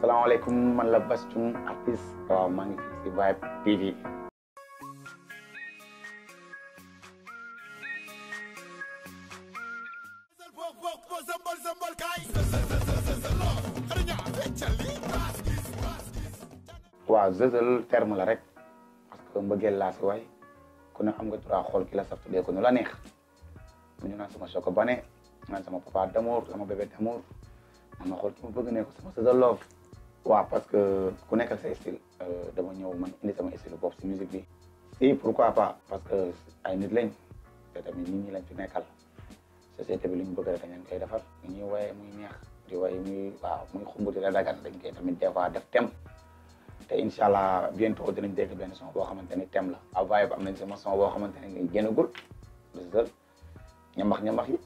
salaamaaleykum man la Bass artiste waaw maa ngi si Vibe TV waaw zëzël terme la rek parce que mbëggeel laa si waay ku ne nga trois xool ki la saf tuddee ko nu la neex mu ñu naan sama Choco Bane naan sama papa d'amour sama bébé d'amour man ma xool ki ma bëgg ne ko sama zëzël love Ouais, parce que je connais que c'est style euh, de manière humaine, il est style pop, c'est musique. Et pourquoi pas Parce que à une ligne, c'est à une ligne, c'est une école. Société bi liñ bëgg rek dañ koy defar ñuy waye muy neex di waye muy waaw muy xumbu di la dagan dañ koy tamit des fois def thème te incha allah bientôt dinañ dégg benn son boo xamante ni thème la avaye ba am nañ sama son boo xamante ni génnagul lu ñamax ñamax yi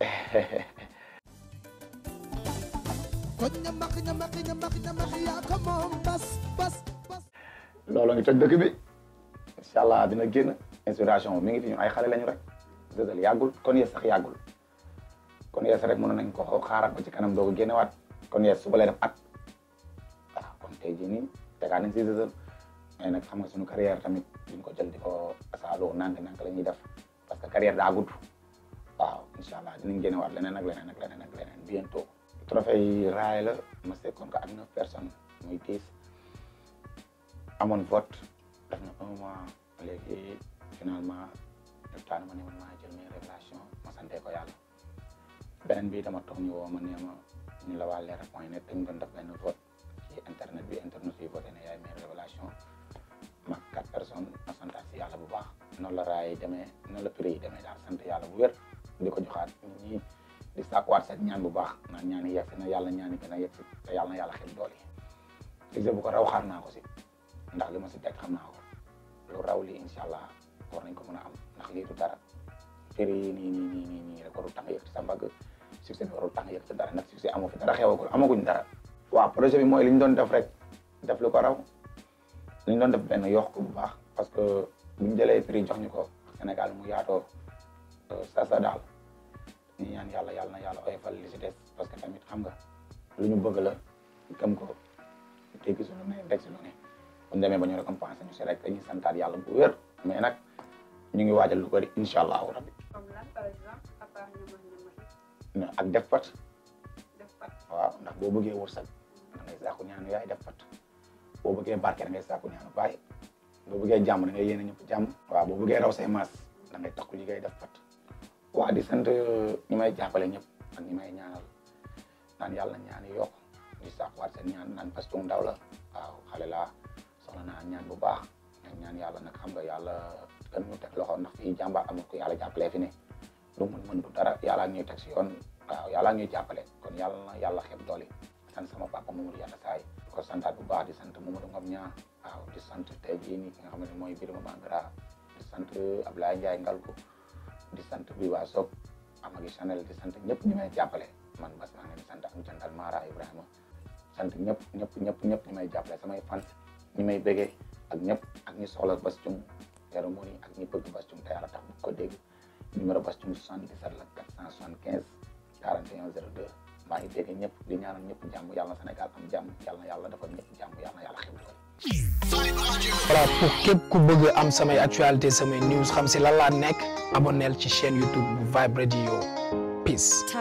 kon ñamax ñamax ñamax ñamax yaa ko moom bas bas bas loolu ngi toj dëkk bi incha allah dina génn inspiration mi ngi fi ñu ay xale lañu rek dëggal yàggul kon yees sax yàggul kon yees rek mënoon nañ ko xaaral ko ci kanam doo ko génnewaat kon yees suba lay def at a ah, kon tey jii nii tegaat nañ si dëggal mais nag xam nga suñu carrière tamit duñ ko jël di ko asaaloo nank nank la ñuy def parce que carrière daa gudd waaw incha allah dinañ génnewaat leneen ak leneen ak leneen ak leneen bientôt trophée yi la ma sekkoon ko ak neuf personnes muy dix amoon vote def na un mois léegi finalement def taanu ma ne man maa jël mes révélation ma santee ko yàlla beneen bi dama toog ñu woo ma nee ma ñu la waa Leral point ne dañ doon def benn vote ci internet bi internet yi voté ne yaay mes révélation ma quatre personnes ma santaat si yàlla bu baax noonu la raay yi demee noonu la prix yi demee daal sant yàlla bu wér di ko joxaat di sàkkuwaat seen ñaan bu baax na ñaan yi yegg na yàlla ñaan yi gën a yegg si te yàlla na yàlla xel doole liggéey bu ko raw xaar ko si ndax li ma si teg ko lu raw li incha allah war nañ ko mën a am ndax lii du dara firi ni ni ni ni ni nii rek warul tàng yëg ya, ci sa mbagg succès bi warul tàng yëg ya, ci dara ndax succès amoo fi dara xewagul amaguñ dara waaw projet bi mooy li ñu doon def rek def lu ko raw li ñu doon def benn yokk ko bu baax parce que bu ñu prix jox ñu Sénégal mu eh, yaatoo sa sa daal ñu ñaan yàlla yàlla na yàlla oyofal li si des parce que tamit xam nga lu ñu bëgg la gëm ko tey gisul lu ne daj si lu ne bu ñu demee ba ñu récompensé ñu si rek dañuy santaat yàlla bu wér mais nag ñu ngi waajal lu bëri incha allahu rabbi. comme ak def pat. def pat waaw ndax boo bëggee wërsëg ngay sàkku ñaanu yaay def pat boo bëggee barke ngay ñaanu waa di sant ñi may jàppale ñep ak ñi may ñaanal naan yalla ñaan yi yokk sax sàkkuwaat seen ñaan naan pastu ndaw la waaw xale la soxla na ñaan bu baax ñaan ñaan yàlla nag xam nga yalla gën mu tek loxo nak fii jamba am ko yalla jàppalee fi ne lu mu mën du dara yalla ñuy teg si yoon waaw ya, ñuy jàppale kon yalla na ya, yàlla xeeb doole sant sama papa Mamadou yalla tay ko santaat bu baax di sant Mamadou ngam ñaa waaw di sant tay ji ni ki nga xamne moy mooy Birima Mangara di sant Ablaye ngal ko disantu biwaso amagi Chanel disantu ñep ñu may jappalé man bas ma ngi sant am jantal mara ibrahima ya sant ñep ñep ñep ñep ñu may jappalé samay fan ñi may bëggé ak ñep ak ñi soxla bas ci cérémonie ak ñi bëgg bas ci té ala tax ko dégg numéro bas ci 77 la 475 41 02 ma ngi dégg ñep di ñaanal ñep jamm yalla sénégal am jamm yalla yalla dafa ñep jamm yalla yalla voilà pour képp ku bëgg am samay actualité samay news xam si lan laa nekk abonneel ci chaîne YouTube bu peace.